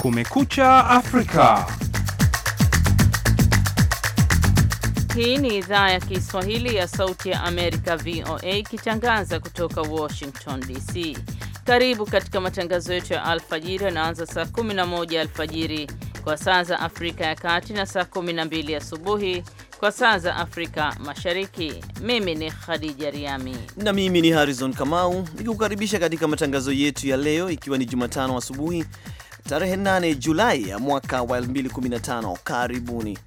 Kumekucha Afrika. Hii ni idhaa ya Kiswahili ya Sauti ya Amerika, VOA, ikitangaza kutoka Washington DC. Karibu katika matangazo yetu ya alfajiri yanaanza saa 11 alfajiri kwa saa za Afrika ya Kati na saa 12 asubuhi kwa saa za Afrika Mashariki. Mimi ni Khadija Riami na mimi ni Harrison Kamau, nikukaribisha katika matangazo yetu ya leo, ikiwa ni Jumatano asubuhi tarehe 8 Julai ya mwaka wa 2015. Karibuni.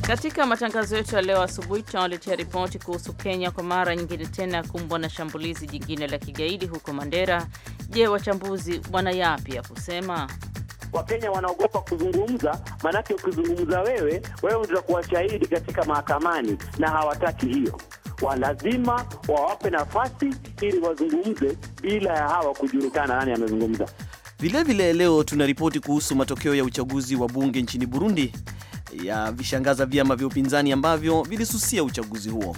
Katika matangazo yetu ya leo asubuhi tunawaletea ripoti kuhusu Kenya kwa mara nyingine tena kumbwa na shambulizi jingine la kigaidi huko Mandera. Je, wachambuzi wana yapi ya kusema? Wakenya wanaogopa kuzungumza, maanake ukizungumza wewe, wewe utakuwa shahidi katika mahakamani na hawataki hiyo wa lazima wawape nafasi ili wazungumze bila ya hawa kujulikana nani amezungumza. Vilevile leo tuna ripoti kuhusu matokeo ya uchaguzi wa bunge nchini Burundi ya vishangaza vyama vya upinzani ambavyo vilisusia uchaguzi huo.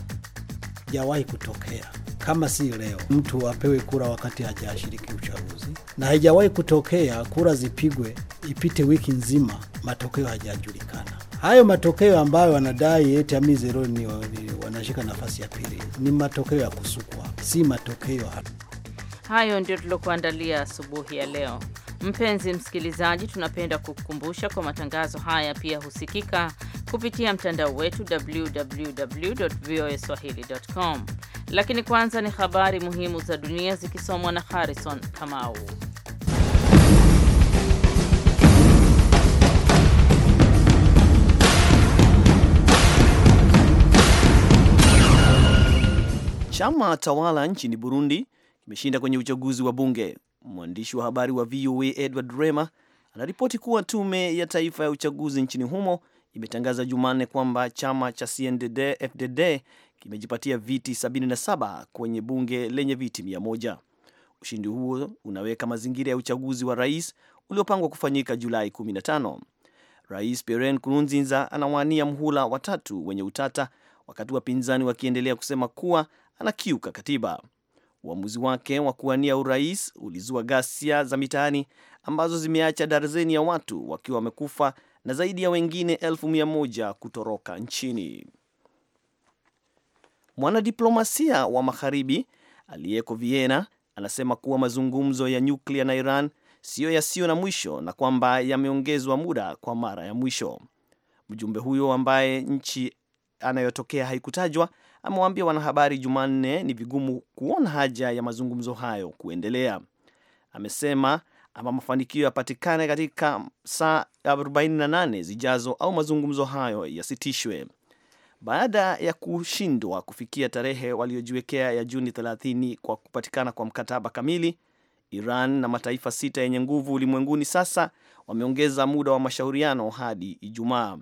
jawahi kutokea kama si leo, mtu apewe kura wakati hajashiriki uchaguzi, na haijawahi kutokea kura zipigwe, ipite wiki nzima, matokeo hajajulikana. Hayo matokeo ambayo wanadai eti zero ni wanashika nafasi ya pili ni matokeo ya kusukwa, si matokeo hatu. Hayo ndio tuliokuandalia asubuhi ya leo. Mpenzi msikilizaji, tunapenda kukukumbusha kwa matangazo haya pia husikika kupitia mtandao wetu www.voaswahili.com. Lakini kwanza ni habari muhimu za dunia zikisomwa na Harrison Kamau. Chama tawala nchini Burundi kimeshinda kwenye uchaguzi wa bunge. Mwandishi wa habari wa VOA Edward Rema anaripoti kuwa tume ya taifa ya uchaguzi nchini humo imetangaza Jumanne kwamba chama cha CNDD FDD kimejipatia viti 77 kwenye bunge lenye viti 100. Ushindi huo unaweka mazingira ya uchaguzi wa rais uliopangwa kufanyika Julai 15. Rais Pierre Nkurunziza anawania mhula watatu wenye utata, wakati wapinzani wakiendelea kusema kuwa anakiuka katiba. Uamuzi wake wa kuwania urais ulizua ghasia za mitaani ambazo zimeacha darzeni ya watu wakiwa wamekufa na zaidi ya wengine elfu mia moja kutoroka nchini. Mwanadiplomasia wa magharibi aliyeko Vienna anasema kuwa mazungumzo ya nyuklia na Iran siyo yasiyo na mwisho na kwamba yameongezwa muda kwa mara ya mwisho. Mjumbe huyo ambaye nchi anayotokea haikutajwa amewaambia wanahabari Jumanne ni vigumu kuona haja ya mazungumzo hayo kuendelea. Amesema ama mafanikio yapatikane katika saa 48 zijazo au mazungumzo hayo yasitishwe. Baada ya kushindwa kufikia tarehe waliojiwekea ya Juni 30 kwa kupatikana kwa mkataba kamili, Iran na mataifa sita yenye nguvu ulimwenguni sasa wameongeza muda wa mashauriano hadi Ijumaa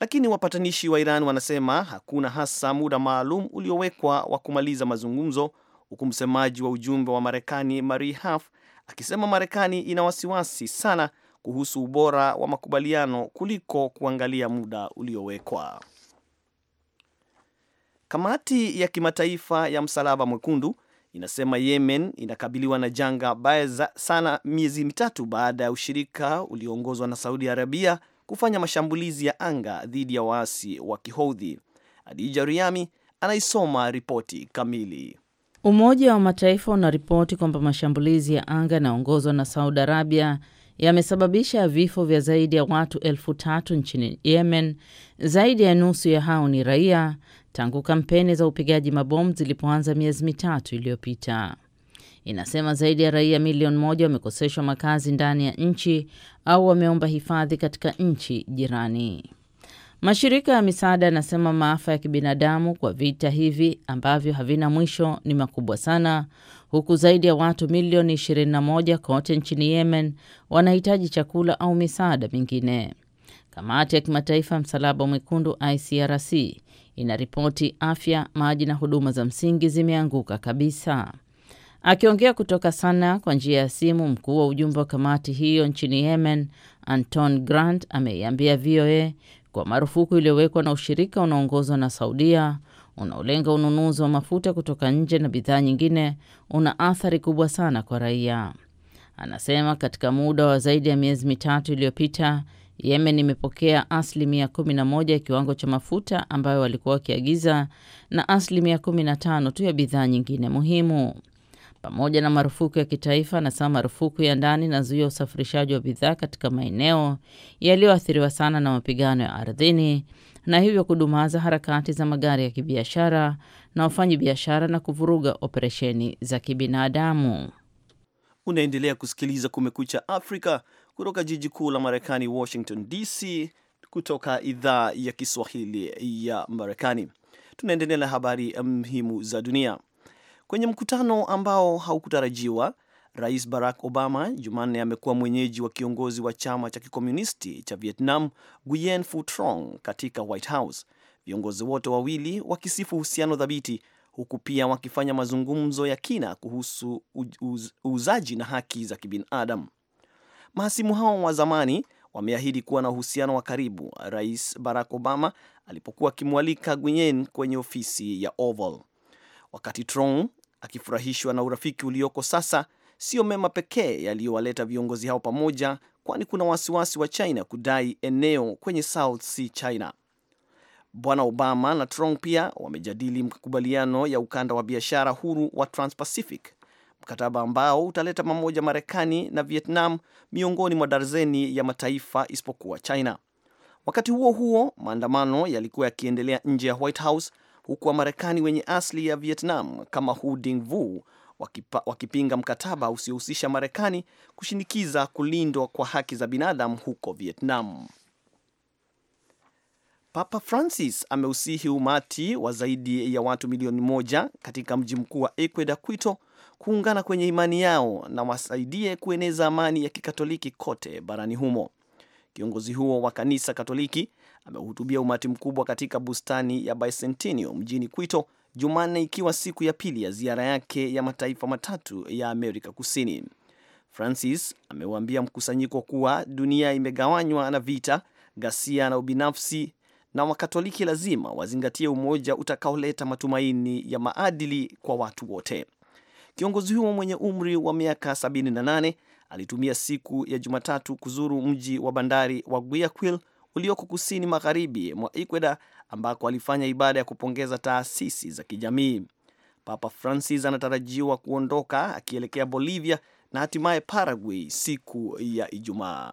lakini wapatanishi wa Iran wanasema hakuna hasa muda maalum uliowekwa wa kumaliza mazungumzo, huku msemaji wa ujumbe wa Marekani Marie Harf akisema Marekani ina wasiwasi sana kuhusu ubora wa makubaliano kuliko kuangalia muda uliowekwa. Kamati ya kimataifa ya Msalaba Mwekundu inasema Yemen inakabiliwa na janga baya sana, miezi mitatu baada ya ushirika ulioongozwa na Saudi Arabia kufanya mashambulizi ya anga dhidi ya waasi wa Kihoudhi. Adija Riami anaisoma ripoti kamili. Umoja wa Mataifa unaripoti kwamba mashambulizi ya anga yanayoongozwa na Saudi Arabia yamesababisha vifo vya zaidi ya watu elfu tatu nchini Yemen. Zaidi ya nusu ya hao ni raia, tangu kampeni za upigaji mabomu zilipoanza miezi mitatu iliyopita inasema zaidi ya raia milioni moja wamekoseshwa makazi ndani ya nchi au wameomba hifadhi katika nchi jirani. Mashirika ya misaada yanasema maafa ya kibinadamu kwa vita hivi ambavyo havina mwisho ni makubwa sana, huku zaidi ya watu milioni 21 kote nchini Yemen wanahitaji chakula au misaada mingine. Kamati ya kimataifa Msalaba Mwekundu ICRC inaripoti afya, maji na huduma za msingi zimeanguka kabisa. Akiongea kutoka Sana kwa njia ya simu, mkuu wa ujumbe wa kamati hiyo nchini Yemen, Anton Grant, ameiambia VOA kwa marufuku iliyowekwa na ushirika unaoongozwa na Saudia unaolenga ununuzi wa mafuta kutoka nje na bidhaa nyingine una athari kubwa sana kwa raia. Anasema katika muda wa zaidi ya miezi mitatu iliyopita Yemen imepokea asilimia 11 ya kiwango cha mafuta ambayo walikuwa wakiagiza na asilimia 15 tu ya bidhaa nyingine muhimu pamoja na marufuku ya kitaifa, anasema marufuku ya ndani na ya usafirishaji wa bidhaa katika maeneo yaliyoathiriwa sana na mapigano ya ardhini na hivyo kudumaza harakati za magari ya kibiashara na wafanyi biashara na kuvuruga operesheni za kibinadamu. Unaendelea kusikiliza Kumekucha Afrika kutoka jiji kuu la Marekani, Washington DC, kutoka idhaa ya Kiswahili ya Marekani. Tunaendelea na habari muhimu za dunia. Kwenye mkutano ambao haukutarajiwa, Rais Barack Obama Jumanne amekuwa mwenyeji wa kiongozi wa chama cha kikomunisti cha Vietnam Nguyen Phu Trong katika White House, viongozi wote wawili wakisifu uhusiano thabiti, huku pia wakifanya mazungumzo ya kina kuhusu uuzaji na haki za kibinadamu. Mahasimu hao wa zamani wameahidi kuwa na uhusiano wa karibu, Rais Barack Obama alipokuwa akimwalika Nguyen kwenye ofisi ya Oval. Wakati Trong akifurahishwa na urafiki ulioko sasa. Sio mema pekee yaliyowaleta viongozi hao pamoja, kwani kuna wasiwasi wa China kudai eneo kwenye South Sea China. Bwana Obama na Trump pia wamejadili makubaliano ya ukanda wa biashara huru wa Transpacific, mkataba ambao utaleta pamoja Marekani na Vietnam miongoni mwa darzeni ya mataifa isipokuwa China. Wakati huo huo, maandamano yalikuwa yakiendelea nje ya White House huku Wamarekani wenye asili ya Vietnam kama Hu Ding Vu wakipa, wakipinga mkataba usiohusisha Marekani kushinikiza kulindwa kwa haki za binadamu huko Vietnam. Papa Francis ameusihi umati wa zaidi ya watu milioni moja katika mji mkuu wa Ecuador, Quito, kuungana kwenye imani yao na wasaidie kueneza amani ya kikatoliki kote barani humo. Kiongozi huo wa kanisa Katoliki amehutubia umati mkubwa katika bustani ya Bicentennial mjini Quito Jumanne, ikiwa siku ya pili ya ziara yake ya mataifa matatu ya Amerika Kusini. Francis amewaambia mkusanyiko kuwa dunia imegawanywa na vita, ghasia na ubinafsi, na Wakatoliki lazima wazingatie umoja utakaoleta matumaini ya maadili kwa watu wote. Kiongozi huo mwenye umri wa miaka 78 alitumia siku ya Jumatatu kuzuru mji wa bandari wa Guayaquil ulioko kusini magharibi mwa Ecuador ambako alifanya ibada ya kupongeza taasisi za kijamii. Papa Francis anatarajiwa kuondoka akielekea Bolivia na hatimaye Paraguay siku ya Ijumaa.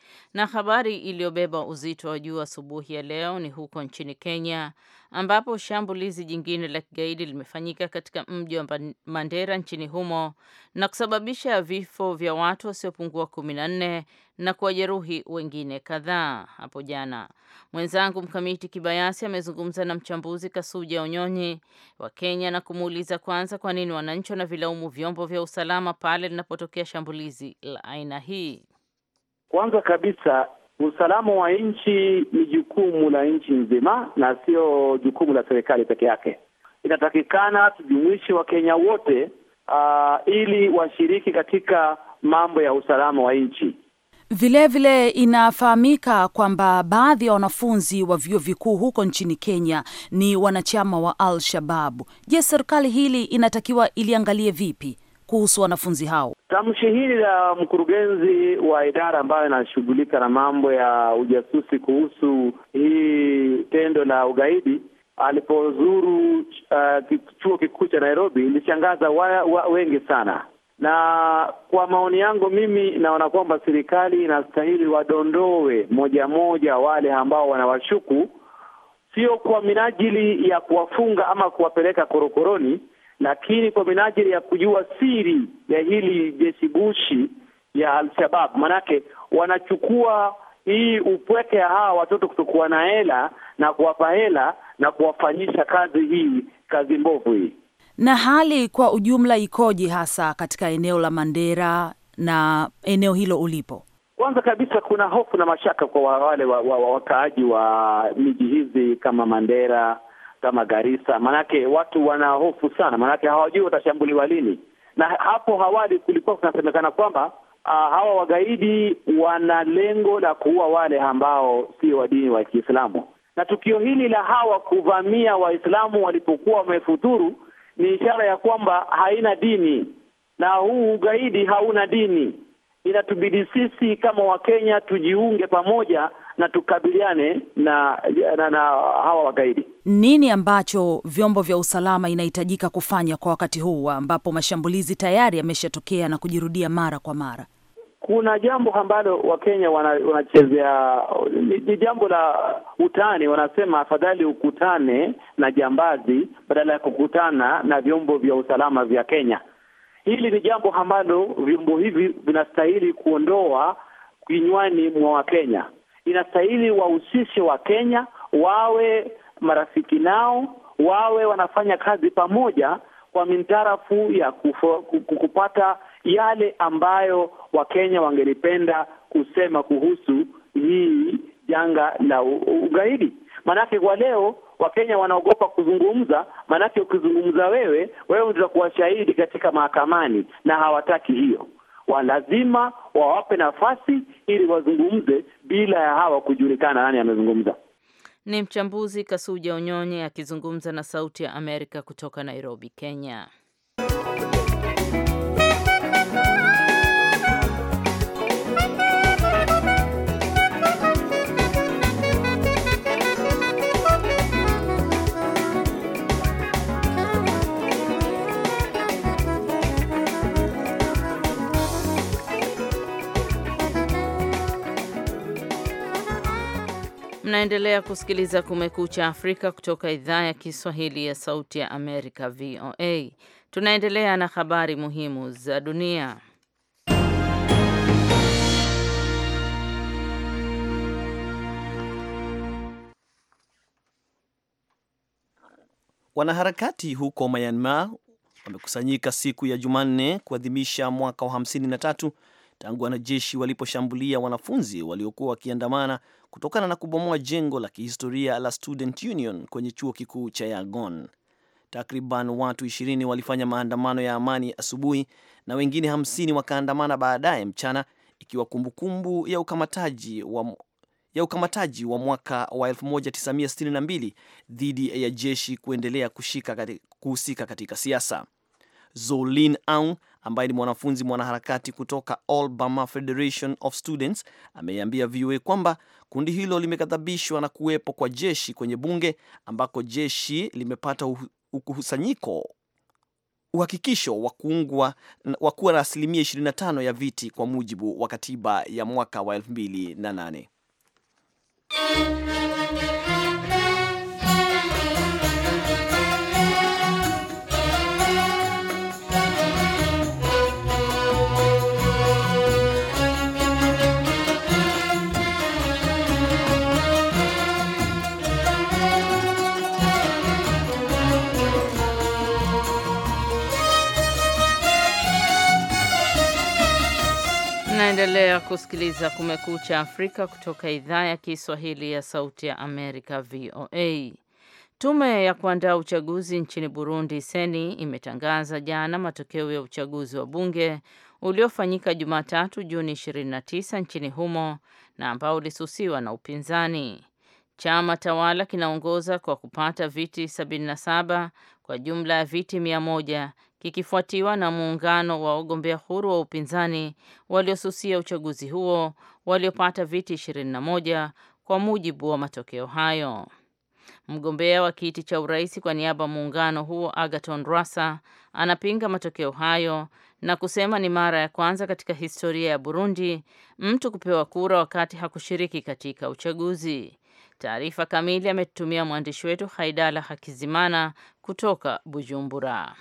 Na habari iliyobeba uzito wa juu asubuhi ya leo ni huko nchini Kenya ambapo shambulizi jingine la kigaidi limefanyika katika mji wa Mandera nchini humo na kusababisha vifo vya watu wasiopungua kumi na nne na kuwajeruhi wengine kadhaa hapo jana. Mwenzangu Mkamiti Kibayasi amezungumza na mchambuzi Kasuja Onyonyi wa Kenya na kumuuliza kwanza kwa nini wananchi wanavilaumu vyombo vya usalama pale linapotokea shambulizi la aina hii. Kwanza kabisa, usalama wa nchi ni jukumu la nchi nzima na sio jukumu la serikali peke yake. Inatakikana tujumuishe Wakenya wote uh, ili washiriki katika mambo ya usalama wa nchi. Vilevile inafahamika kwamba baadhi ya wanafunzi wa vyuo vikuu huko nchini Kenya ni wanachama wa Al Shababu. Je, serikali hili inatakiwa iliangalie vipi? kuhusu wanafunzi hao. Tamshi hili la mkurugenzi wa idara ambayo inashughulika na mambo ya ujasusi kuhusu hii tendo la ugaidi alipozuru uh, chuo kikuu cha Nairobi ilishangaza wa, wa, wengi sana, na kwa maoni yangu mimi naona kwamba serikali inastahili wadondoe moja moja wale ambao wanawashuku, sio kwa minajili ya kuwafunga ama kuwapeleka korokoroni lakini kwa minajili ya kujua siri ya hili jeshi gushi ya Alshabab, manake wanachukua hii upweke ya hawa watoto kutokuwa na hela na kuwapa hela na kuwafanyisha kazi hii kazi mbovu hii. Na hali kwa ujumla ikoje hasa katika eneo la Mandera na eneo hilo ulipo? Kwanza kabisa kuna hofu na mashaka kwa wale wa, wa, wa, wa miji hizi kama Mandera kama Garissa, maanake watu wanahofu sana, maanake hawajui watashambuliwa lini. Na hapo awali kulikuwa kunasemekana kwamba Uh, hawa wagaidi wana lengo la kuua wale ambao sio wa dini wa Kiislamu, na tukio hili la hawa kuvamia Waislamu walipokuwa wamefuturu ni ishara ya kwamba haina dini na huu ugaidi hauna dini inatubidi sisi kama Wakenya tujiunge pamoja na tukabiliane na, na, na hawa wagaidi. Nini ambacho vyombo vya usalama inahitajika kufanya kwa wakati huu ambapo mashambulizi tayari yameshatokea na kujirudia mara kwa mara? Kuna jambo ambalo Wakenya wanachezea, ni jambo la utani. Wanasema afadhali ukutane na jambazi badala ya kukutana na vyombo vya usalama vya Kenya. Hili ni jambo ambalo vyombo hivi vinastahili kuondoa kinywani mwa Wakenya. Inastahili wahusishe Wakenya, wawe marafiki nao, wawe wanafanya kazi pamoja kwa mintarafu ya kufo, kupata yale ambayo Wakenya wangelipenda kusema kuhusu hii janga la ugaidi. Maanake kwa leo Wakenya wanaogopa kuzungumza, maanake ukizungumza wewe, wewe utakuwa shahidi katika mahakamani, na hawataki hiyo. Walazima wawape nafasi ili wazungumze bila ya hawa kujulikana nani amezungumza. Ni mchambuzi Kasuja Onyonye akizungumza na Sauti ya Amerika kutoka Nairobi, Kenya. Mnaendelea kusikiliza Kumekucha Afrika kutoka idhaa ya Kiswahili ya Sauti ya Amerika, VOA. Tunaendelea na habari muhimu za dunia. Wanaharakati huko Myanmar wamekusanyika siku ya Jumanne kuadhimisha mwaka wa 53 tangu wanajeshi waliposhambulia wanafunzi waliokuwa wakiandamana kutokana na kubomoa jengo la kihistoria la Student Union kwenye chuo kikuu cha yagon Takriban watu 20 walifanya maandamano ya amani asubuhi na wengine 50 wakaandamana baadaye mchana, ikiwa kumbukumbu ya ukamataji wa ya ukamataji wa mwaka wa 1962 dhidi ya jeshi kuendelea kushika kuhusika katika siasa. Zolin Aung ambaye ni mwanafunzi mwanaharakati kutoka All Burma Federation of Students ameiambia VOA kwamba kundi hilo limeghadhabishwa na kuwepo kwa jeshi kwenye bunge ambako jeshi limepata ukusanyiko uhakikisho wa kuungwa wa kuwa na asilimia 25 ya viti kwa mujibu wa katiba ya mwaka wa 2008. Mnaendelea kusikiliza Kumekucha Afrika kutoka idhaa ya Kiswahili ya Sauti ya Amerika, VOA. Tume ya kuandaa uchaguzi nchini Burundi, Seni, imetangaza jana matokeo ya uchaguzi wa bunge uliofanyika Jumatatu Juni 29 nchini humo na ambao ulisusiwa na upinzani. Chama tawala kinaongoza kwa kupata viti 77 kwa jumla ya viti kikifuatiwa na muungano wa wagombea huru wa upinzani waliosusia uchaguzi huo waliopata viti 21 kwa mujibu wa matokeo hayo. Mgombea wa kiti cha urais kwa niaba ya muungano huo agaton rasa anapinga matokeo hayo na kusema ni mara ya kwanza katika historia ya Burundi mtu kupewa kura wakati hakushiriki katika uchaguzi. Taarifa kamili ametutumia mwandishi wetu Haidala Hakizimana kutoka Bujumbura.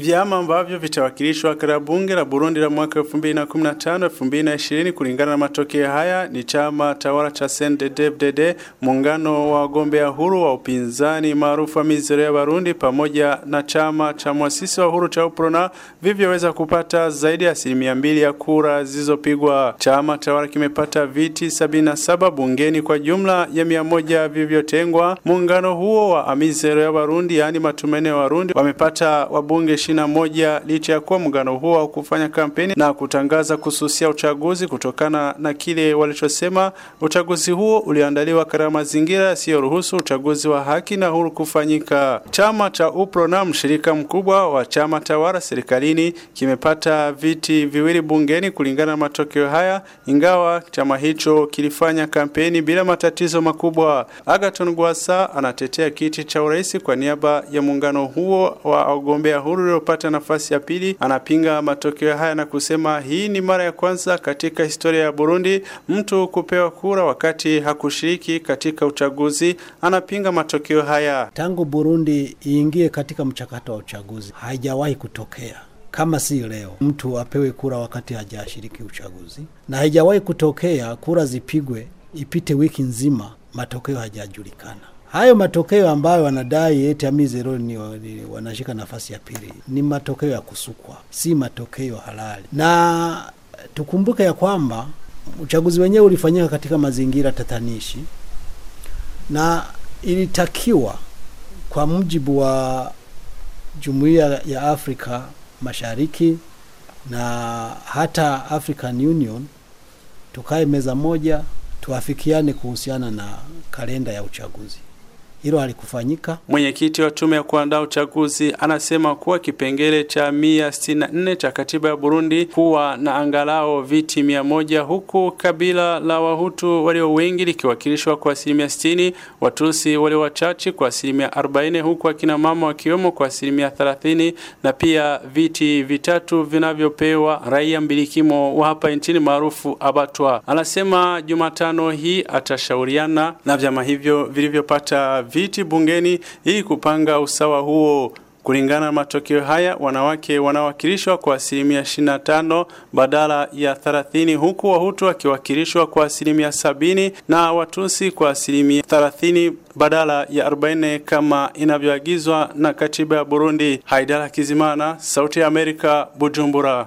Vyama ambavyo vitawakilishwa katika bunge la Burundi la mwaka 2015 2020 kulingana na matokeo haya ni chama tawala cha CNDD-FDD, muungano wa wagombea huru wa upinzani maarufu Amizero ya Barundi, pamoja na chama cha mwasisi wa huru cha UPRONA vivyoweza kupata zaidi ya asilimia mbili ya kura zilizopigwa. Chama tawala kimepata viti 77 bungeni kwa jumla ya mia moja Muungano huo wa Amizero ya Barundi, yaani matumaini ya Warundi, wamepata wabunge 2021 licha ya kuwa muungano huo wa kufanya kampeni na kutangaza kususia uchaguzi kutokana na kile walichosema uchaguzi huo uliandaliwa katika mazingira yasiyoruhusu uchaguzi wa haki na huru kufanyika. Chama cha upro na mshirika mkubwa wa chama tawala serikalini, kimepata viti viwili bungeni kulingana na matokeo haya, ingawa chama hicho kilifanya kampeni bila matatizo makubwa. Agaton Gwasa anatetea kiti cha urais kwa niaba ya muungano huo wa wagombea huru aliyopata nafasi ya pili anapinga matokeo haya na kusema hii ni mara ya kwanza katika historia ya Burundi mtu kupewa kura wakati hakushiriki katika uchaguzi. Anapinga matokeo haya. Tangu Burundi iingie katika mchakato wa uchaguzi haijawahi kutokea kama si leo mtu apewe kura wakati hajashiriki uchaguzi, na haijawahi kutokea kura zipigwe, ipite wiki nzima, matokeo hayajajulikana. Hayo matokeo ambayo wanadai eti Amizero ni wanashika nafasi ya pili ni matokeo ya kusukwa, si matokeo halali. Na tukumbuke ya kwamba uchaguzi wenyewe ulifanyika katika mazingira tatanishi na ilitakiwa kwa mujibu wa Jumuiya ya Afrika Mashariki na hata African Union tukae meza moja tuafikiane kuhusiana na kalenda ya uchaguzi hilo halikufanyika. Mwenyekiti wa tume ya kuandaa uchaguzi anasema kuwa kipengele cha 164 cha katiba ya Burundi kuwa na angalau viti mia moja huku kabila la Wahutu walio wengi likiwakilishwa kwa asilimia 60, Watusi walio wachache kwa asilimia 40, huku akina mama wakiwemo kwa asilimia 30, na pia viti vitatu vinavyopewa raia mbilikimo wa hapa nchini maarufu Abatwa. Anasema Jumatano hii atashauriana na vyama hivyo vilivyopata viti bungeni ili kupanga usawa huo. Kulingana na matokeo haya, wanawake wanawakilishwa kwa asilimia 25 badala ya 30, huku Wahutu wakiwakilishwa kwa asilimia sabini na Watusi kwa asilimia 30 badala ya 40 kama inavyoagizwa na katiba ya Burundi. Haidara Kizimana, Sauti ya Amerika, Bujumbura.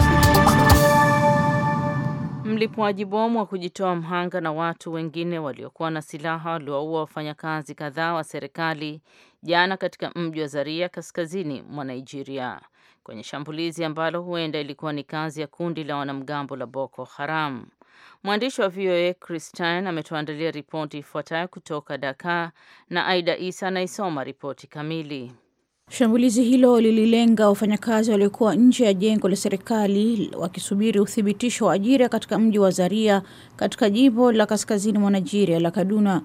Mlipuaji bomu wa kujitoa mhanga na watu wengine waliokuwa na silaha waliwaua wafanyakazi kadhaa wa serikali jana katika mji wa Zaria kaskazini mwa Nigeria kwenye shambulizi ambalo huenda ilikuwa ni kazi ya kundi la wanamgambo la Boko Haram. Mwandishi wa VOA Christine ametuandalia ripoti ifuatayo kutoka Dakar na Aida Isa anaisoma ripoti kamili. Shambulizi hilo lililenga wafanyakazi waliokuwa nje ya jengo la serikali wakisubiri uthibitisho wa ajira katika mji wa Zaria katika jimbo la kaskazini mwa Nigeria la Kaduna.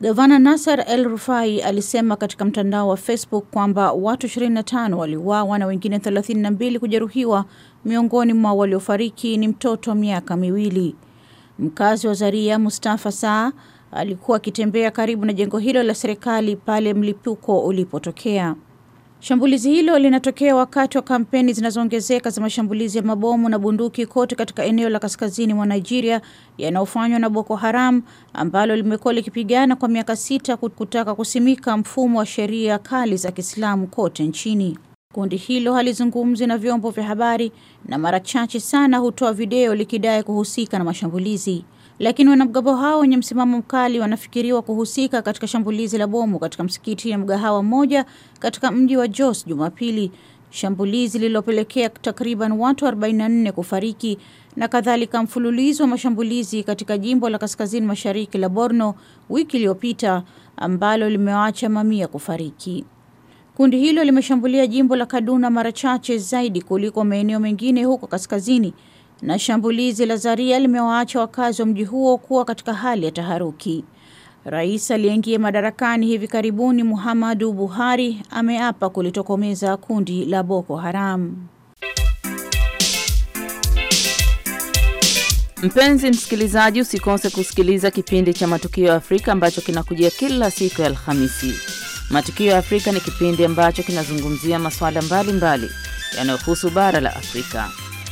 Gavana Nasser El Rufai alisema katika mtandao wa Facebook kwamba watu 25 waliuawa na wengine 32 kujeruhiwa. Miongoni mwa waliofariki ni mtoto miaka miwili. Mkazi wa Zaria Mustafa Saa alikuwa akitembea karibu na jengo hilo la serikali pale mlipuko ulipotokea. Shambulizi hilo linatokea wakati wa kampeni zinazoongezeka za mashambulizi ya mabomu na bunduki kote katika eneo la kaskazini mwa Nigeria yanayofanywa na Boko Haram ambalo limekuwa likipigana kwa miaka sita kutaka kusimika mfumo wa sheria kali za Kiislamu kote nchini. Kundi hilo halizungumzi na vyombo vya habari na mara chache sana hutoa video likidai kuhusika na mashambulizi lakini wanamgambo hao wenye msimamo mkali wanafikiriwa kuhusika katika shambulizi la bomu katika msikiti na mgahawa mmoja katika mji wa Jos Jumapili, shambulizi lililopelekea takriban watu 44 kufariki na kadhalika, mfululizo wa mashambulizi katika jimbo la kaskazini mashariki la Borno wiki iliyopita ambalo limewaacha mamia kufariki. Kundi hilo limeshambulia jimbo la Kaduna mara chache zaidi kuliko maeneo mengine huko kaskazini na shambulizi la Zaria limewaacha wakazi wa mji huo kuwa katika hali ya taharuki. Rais aliyeingia madarakani hivi karibuni Muhammadu Buhari ameapa kulitokomeza kundi la Boko Haram. Mpenzi msikilizaji, usikose kusikiliza kipindi cha Matukio ya Afrika ambacho kinakujia kila siku ya Alhamisi. Matukio ya Afrika ni kipindi ambacho kinazungumzia masuala mbalimbali yanayohusu bara la Afrika.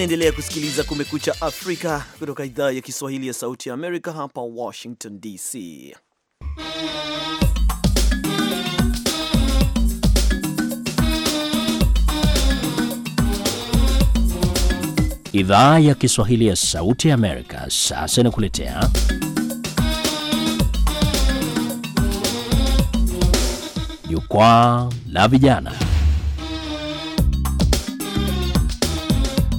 Unaendelea kusikiliza Kumekucha Afrika kutoka idhaa ya Kiswahili ya Sauti ya Amerika, hapa Washington DC. Idhaa ya Kiswahili ya Sauti ya Amerika sasa inakuletea jukwaa la vijana.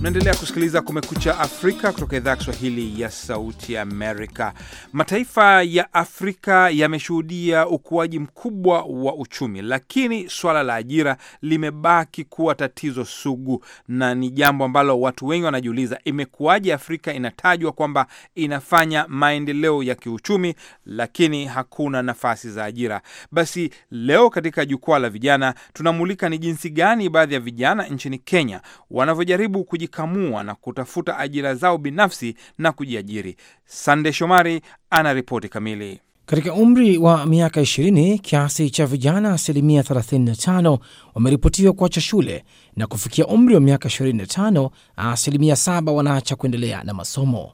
Naendelea kusikiliza Kumekucha Afrika kutoka idhaa ya Kiswahili ya Sauti Amerika. Mataifa ya Afrika yameshuhudia ukuaji mkubwa wa uchumi, lakini swala la ajira limebaki kuwa tatizo sugu, na ni jambo ambalo watu wengi wanajiuliza, imekuwaje Afrika inatajwa kwamba inafanya maendeleo ya kiuchumi, lakini hakuna nafasi za ajira? Basi leo katika jukwaa la vijana tunamulika ni jinsi gani baadhi ya vijana nchini Kenya wanavyojaribu kuji kujikamua na kutafuta ajira zao binafsi na kujiajiri. Sande Shomari ana ripoti kamili. Katika umri wa miaka 20 kiasi cha vijana asilimia 35 wameripotiwa kuacha shule na kufikia umri wa miaka 25 asilimia 7 wanaacha kuendelea na masomo.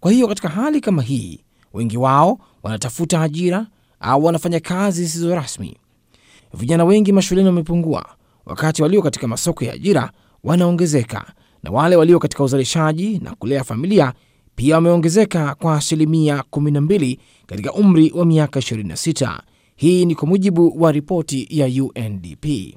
Kwa hiyo katika hali kama hii, wengi wao wanatafuta ajira au wanafanya kazi zisizo rasmi. Vijana wengi mashuleni wamepungua, wakati walio katika masoko ya ajira wanaongezeka, na wale walio katika uzalishaji na kulea familia pia wameongezeka kwa asilimia 12 katika umri wa miaka 26. Hii ni kwa mujibu wa ripoti ya UNDP.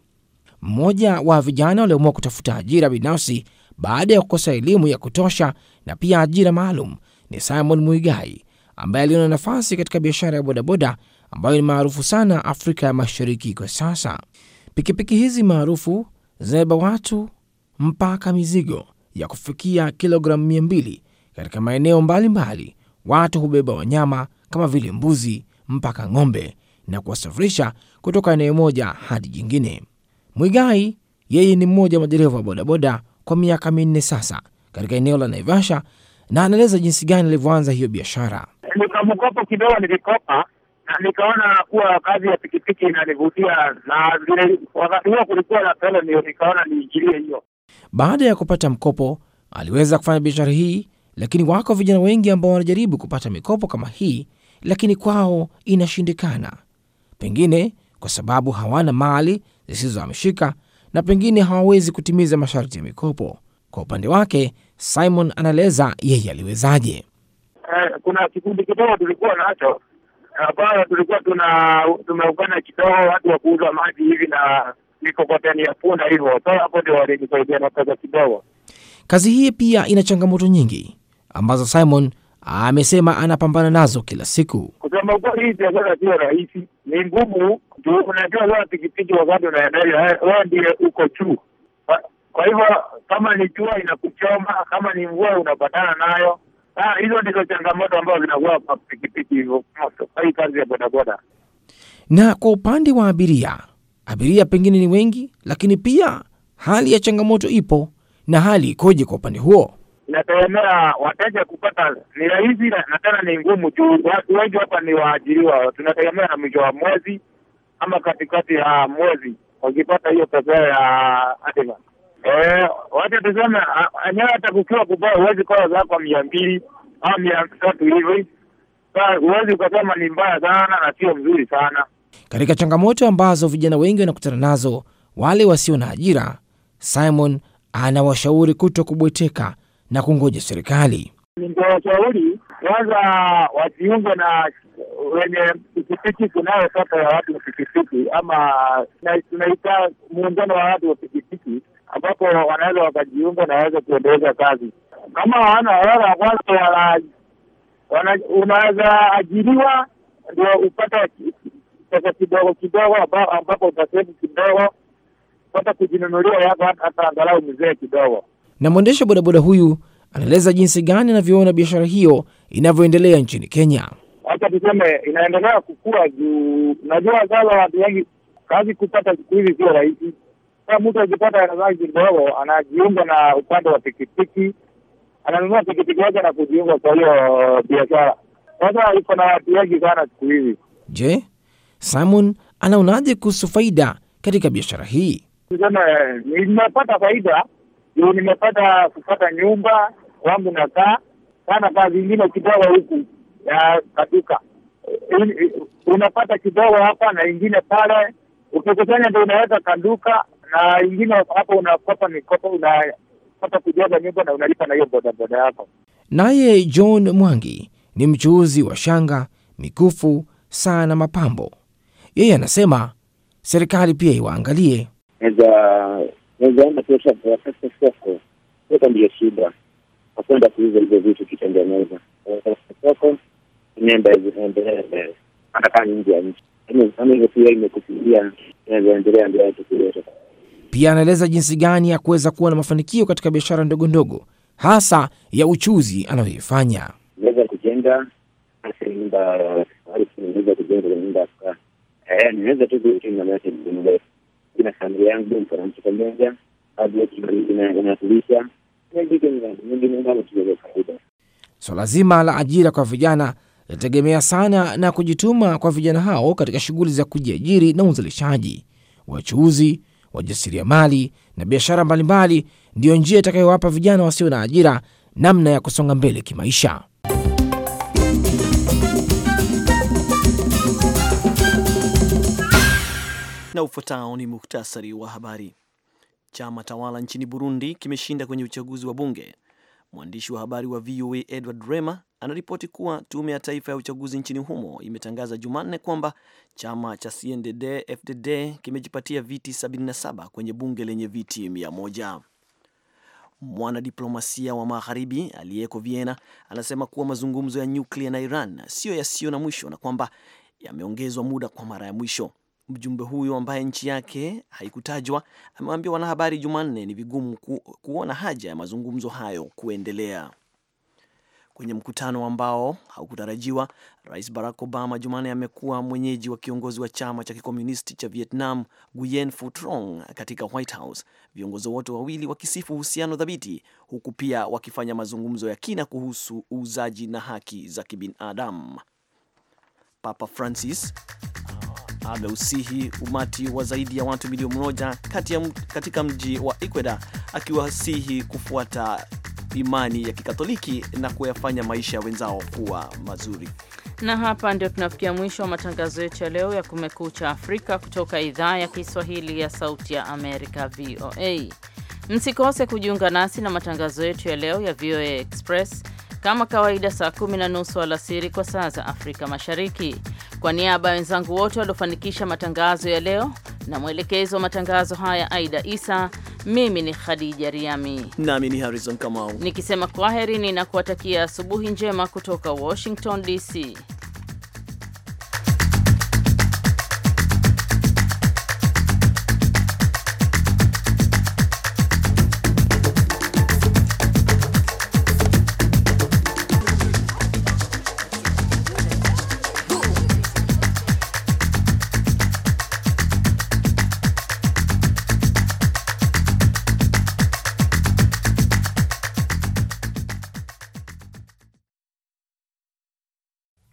Mmoja wa vijana walioamua kutafuta ajira binafsi baada ya kukosa elimu ya kutosha na pia ajira maalum ni Simon Muigai ambaye aliona nafasi katika biashara ya bodaboda ambayo ni maarufu sana Afrika ya Mashariki kwa sasa. Pikipiki hizi maarufu zinabeba watu mpaka mizigo ya kufikia kilogramu mia mbili katika maeneo mbalimbali. Watu hubeba wanyama kama vile mbuzi mpaka ng'ombe na kuwasafirisha kutoka eneo moja hadi jingine. Mwigai yeye ni mmoja wa madereva wa bodaboda kwa miaka minne sasa katika eneo la Naivasha, na anaeleza jinsi gani alivyoanza hiyo biashara. Nikamkopo kidogo, nilikopa na nikaona kuwa kazi ya pikipiki inanivutia, na wakati huo kulikuwa na pelo, nikaona niingilie hiyo. Baada ya kupata mkopo, aliweza kufanya biashara hii, lakini wako vijana wengi ambao wanajaribu kupata mikopo kama hii, lakini kwao inashindikana, pengine kwa sababu hawana mali zisizohamishika na pengine hawawezi kutimiza masharti ya mikopo. Kwa upande wake, Simon anaeleza yeye aliwezaje. Eh, kuna kikundi kidogo tulikuwa nacho ambayo tulikuwa tunaungana kidogo, watu wa kuuza maji hivi na mikokoteni ya punda hivyo. Sasa hapo ndio walinisaidia na pesa kidogo. Kazi hii pia ina changamoto nyingi ambazo Simon amesema anapambana nazo kila siku. Kusema ukweli, hii biashara sio rahisi, ni ngumu. Unajua wewe pikipiki, wakati unaendelea eh, wewe ndiye uko juu. Kwa hivyo kama ni jua inakuchoma, kama ni mvua unapatana nayo. Ah, hizo ndizo changamoto ambazo zinakuwa kwa pikipiki hivyo, hii kazi ya bodaboda. Na kwa upande wa abiria abiria pengine ni wengi, lakini pia hali ya changamoto ipo. Na hali ikoje kwa upande huo? Inategemea wateja kupata ni rahisi na tena ni ngumu, juu watu wengi hapa ni waajiriwa. Tunategemea na mwisho wa mwezi ama katikati ya mwezi wakipata hiyo pesa ya advance. Eh, wacha tuseme enyewe, hata kukiwa kubaya huwezi koa zako mia mbili au mia tatu hivi, huwezi ukasema ni mbaya sana na sio mzuri sana. Katika changamoto ambazo vijana wengi wanakutana nazo, wale wasio na ajira, Simon anawashauri kuto kubweteka na kungoja serikali. Ningewashauri kwanza wajiunge na wenye pikipiki. Kunayo sasa ya watu wa pikipiki, ama tunaita muungano wa watu wa pikipiki, ambapo wanaweza wakajiunga na waweze kuendeleza kazi. Kama hawana hela kwanza, wanaweza ajiriwa ndio upata pesa kidogo kidogo, ambapo utasemu kidogo hata kujinunulia yako hata angalau mzee kidogo. Na mwendesha bodaboda huyu anaeleza jinsi gani anavyoona biashara hiyo inavyoendelea nchini Kenya. Hata tuseme inaendelea kukua juu, najua sasa watu wengi kazi kupata siku hizi sio rahisi. Kama mtu akipata hela kidogo, anajiunga na upande wa pikipiki, ananunua pikipiki yake na kujiunga kwa hiyo uh, biashara. Sasa iko na watu wengi sana siku hizi. Je, Simon anaonaje kuhusu faida katika biashara hii? Eh, nimepata faida juu nimepata kupata nyumba kwangu, nakaa sana kaa zingine kidogo huku ya kaduka, eh, eh, unapata kidogo hapa na ingine pale, ukikusanya ndo unaweza kaduka na ingine hapo, unakopa mikopo, unapata kujaza nyumba na unalipa na hiyo bodaboda yako. Naye John Mwangi ni mchuuzi wa shanga, mikufu, saa na mapambo. Yeye anasema serikali pia iwaangalie soko. shida, kuuza vitu kitengeneza soko, endelea mbele, nje ya nchi yaani, hivyo pia Pia anaeleza jinsi gani ya kuweza kuwa na mafanikio katika biashara ndogo ndogo, hasa ya uchuzi anayoifanya. Naweza kujenga nyumba haya, eh, tu kuishi na maisha mzuri na familia yangu, mfaransi pamoja hadi inatulisha na vitu Swala zima la ajira kwa vijana linategemea sana na kujituma kwa vijana hao katika shughuli za kujiajiri na uzalishaji. Wachuuzi, wajasiriamali na biashara mbalimbali ndiyo njia itakayowapa vijana wasio na ajira namna ya kusonga mbele kimaisha. Na ufuatao ni muktasari wa habari. Chama tawala nchini Burundi kimeshinda kwenye uchaguzi wa bunge. Mwandishi wa habari wa VOA Edward Rema anaripoti kuwa tume ya taifa ya uchaguzi nchini humo imetangaza Jumanne kwamba chama cha CNDD FDD kimejipatia viti 77 kwenye bunge lenye viti 100. Mwanadiplomasia wa magharibi aliyeko Vienna anasema kuwa mazungumzo ya nyuklia na Iran siyo yasiyo na mwisho na kwamba yameongezwa muda kwa mara ya mwisho. Mjumbe huyo ambaye nchi yake haikutajwa amewaambia wanahabari Jumanne ni vigumu ku, kuona haja ya mazungumzo hayo kuendelea. Kwenye mkutano ambao haukutarajiwa, Rais Barack Obama Jumanne amekuwa mwenyeji wa kiongozi wa chama cha kikomunisti cha Vietnam Nguyen Phu Trong katika White House, viongozi wote wawili wakisifu uhusiano thabiti, huku pia wakifanya mazungumzo ya kina kuhusu uuzaji na haki za kibinadamu. Papa Francis ameusihi umati wa zaidi ya watu milioni moja katika mji wa Ecuador, akiwasihi kufuata imani ya Kikatoliki na kuyafanya maisha ya wenzao kuwa mazuri. Na hapa ndio tunafikia mwisho wa matangazo yetu ya leo ya Kumekucha Afrika kutoka idhaa ya Kiswahili ya Sauti ya Amerika, VOA. Msikose kujiunga nasi na matangazo yetu ya leo ya VOA Express kama kawaida, saa kumi na nusu alasiri kwa saa za Afrika Mashariki. Kwa niaba ya wenzangu wote waliofanikisha matangazo ya leo na mwelekezi wa matangazo haya Aida Isa, mimi ni Khadija Riami nami ni Harrison Kamau nikisema na kuwatakia asubuhi njema kutoka Washington DC.